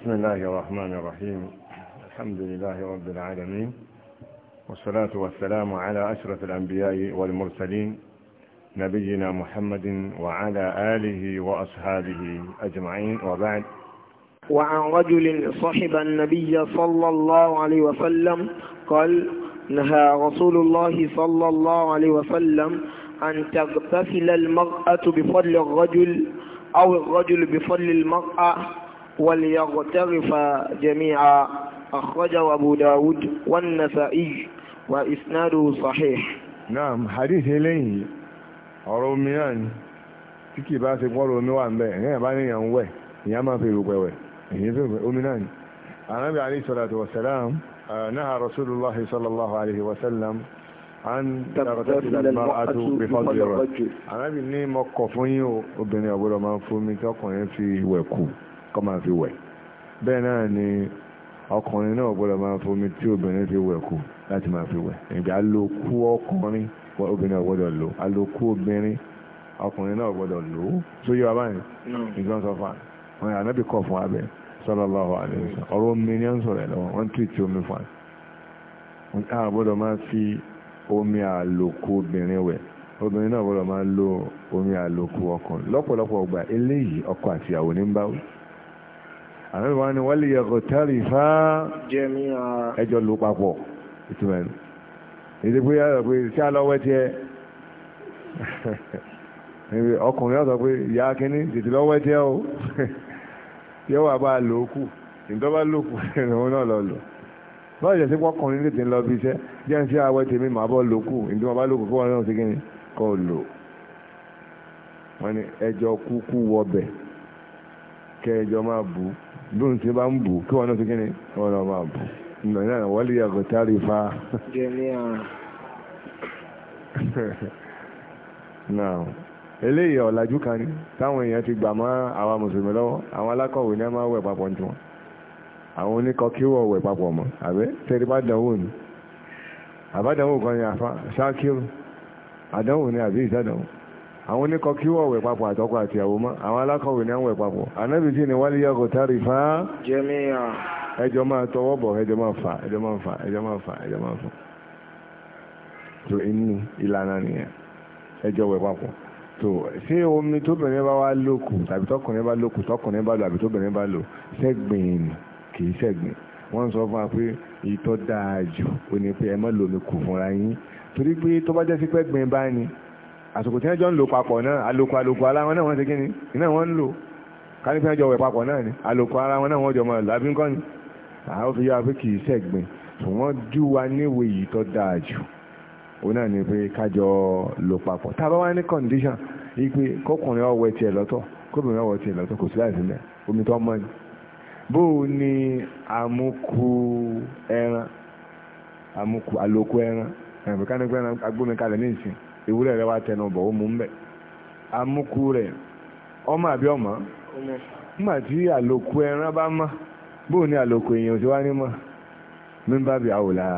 بسم الله الرحمن الرحيم الحمد لله رب العالمين والصلاة والسلام على أشرف الأنبياء والمرسلين نبينا محمد وعلى آله وأصحابه أجمعين وبعد وعن رجل صحب النبي صلى الله عليه وسلم قال نهى رسول الله صلى الله عليه وسلم أن تغتسل المرأة بفضل الرجل أو الرجل بفضل المرأة وليغترف جميعا أخرجه أبو داود والنسائي وإسناده صحيح نعم حديث إليه أروميان tí kì bá ṣe pọ́nrọ omi wà ń bẹ̀ ẹ̀yìn bá ní ìyàn ń wẹ̀ ìyàn máa fi rògbẹ̀ wẹ̀ èyí fi omi náà ni. anabi alayhi salatu wa salam naha rasulullah sallallahu alayhi wa sallam an tàbátàbí al-mar'atu bi fadli rajul anabi ní mo kọ̀ fún yín obìnrin ọ̀gbọ́dọ̀ máa ń fún mi tọkùnrin fi wẹ̀ kù kọ́ máa fi wẹ̀ bẹ́ẹ̀ náà ni ọkùnrin náà gbọ́dọ̀ máa fomi tí obìnrin fi wẹ̀ kù láti máa fi wẹ̀ ìgbà alókù ọkùnrin obìnrin náà gbọ́dọ̀ lò alókù obìnrin ọkùnrin náà gbọ́dọ̀ lò ó tó yẹ wàbá yẹn nǹkan sọ fà wọn yà nábì kọ fún abẹ sallallahu alaihi wasallam ọ̀rọ̀ omi ni ó ń sọ̀rọ̀ ẹ lọ́wọ́ wọn tún ti omi fún ẹ wọn á gbọ́dọ̀ máa fi omi àlòkù obìnrin wẹ̀ obìnrin náà gbọ́dọ̀ máa lo omi àlòkù ọkùnrin lọ́pọ̀lọpọ̀ ọgbà eléyìí ọkọ àtìyàwó ní ń báwò àwọn ìwà ni wọ́n lè yẹ kò tẹ́rì fá ẹjọ́ ló papọ̀ ìtumọ̀ ẹnu èdè pé yàtọ̀ pé sí alọ́wẹ́ tiẹ̀ ọkùnrin yàtọ̀ pé ìyá kínní tètè lọ́wẹ́ tiẹ̀ o yóò wà bá a lò ó kù nǹkan bá lò kù ìrìn náà lọ lò báwo jẹ́ sí pọ́kùnrin tètè lọ bí iṣẹ́ jẹ́ ń sí awẹ́ tèmi màá bọ́ lò kù nígbà bá lò kù kí wọ́n náà ṣe kínní kọ́ bí òun ti bá ń bù kí wọn náà ti kíni wọn náà máa bù nínú náà wọ́n lè yàgò tárì fa. now eléyìí ọ̀làjú kan ni táwọn èèyàn ti gbà mọ́ àwa mùsùlùmí lọ́wọ́ àwọn alákọ̀wé ní a máa wẹ̀ papọ̀ ní tiwọn àwọn oníkọ kí wọ́n wẹ̀ papọ̀ mọ́ àbẹ́ tẹ́lẹ̀ bá dánwò ni àbádánwò kan ni àfa ṣáàkìrù àdánwò ni àbí ìsádánwò àwọn oníkọ kí wọ́n wẹ̀ papọ̀ àtọ́kọ àti ìyàwó mọ́ àwọn alákọ̀wé ní àwọn wẹ̀ papọ̀ ànábì sí ni wálé yàgò fa, fá. jẹ́míà. ẹjọ́ máa tọwọ́ bọ̀ ẹjọ́ máa fà ẹjọ́ máa fà ẹjọ́ máa fà ẹjọ́ máa fà. tó inú ìlànà nìyẹn ẹjọ́ wẹ̀ papọ̀ tó ṣé omi tóbìnrin bá wá lókù tàbí tọkùnrin bá lókù tọkùnrin bá lò àbí tóbìnrin bá lò wọ́n sọ fún wa pé ìtọ́ dáa jù ó ní pé ẹ má lomi kù fúnra yín torí pé tó bá jẹ́ sí pẹ́gbìn bá ní àsìkò tí wọ́n jọ ń lò papọ̀ náà àlòkù àlòkù ara wọn náà wọ́n ti kí ni iná wọn ń lò kánífì wọ́n jọ wẹ̀ papọ̀ náà ni àlòkù ara wọn náà wọ́n jọ mọ̀ lábí ńkọ́ ni àwọn fi yára pé kì í ṣẹ̀gbìn ṣùgbọ́n jú wa níwèé yìí tó dáa jù òun náà ni pé kájọ lò papọ̀ tá a bá wá ní condition yìí pé kọkùnrin ọwọ́ tiẹ̀ lọ́tọ̀ kóbìnrin ọwọ́ tiẹ̀ lọ́tọ̀ kò sí láì sílẹ̀ omi tó mọ́ ni bó o ní amúkú ẹran amúkú àlòkù ẹran bùkánì pé agbómi kalẹ̀ ní ìsìn ìwúrẹ́ rẹ wá tẹnu bọ̀ ó mú ń amúkú rẹ̀ ọmọ àbí ọmọ nígbà tí àlòkù ẹran bá mọ́ bóò ni àlòkù èèyàn ti wá ní mọ́ mímbà bí àwòlá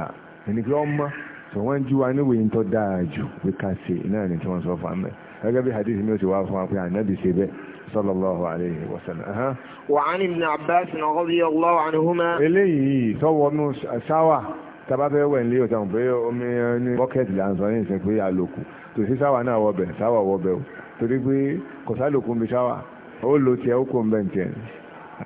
ẹni pé ọmọ tí wọ́n jú wa níwèé ń tọ́ dáa jù pé ká ṣe náà ni tí wọ́n sọ fún gẹ́gẹ́ bí hadith mi ó ti wá fún wa pé ànábì ṣe bẹ́ẹ̀ tábà fẹ́ wẹ̀ nílé ọ̀tàn pé omi eh, ní bọ́kẹ́tì là ń sọ yìí ṣe pé àlòkù tò sí sáwà náà wọbẹ̀ sáwà wọbẹ̀ o torí pé kò sálòkù sáwà ó lo tiẹ̀ ó kó ń bẹ̀ ń tiẹ̀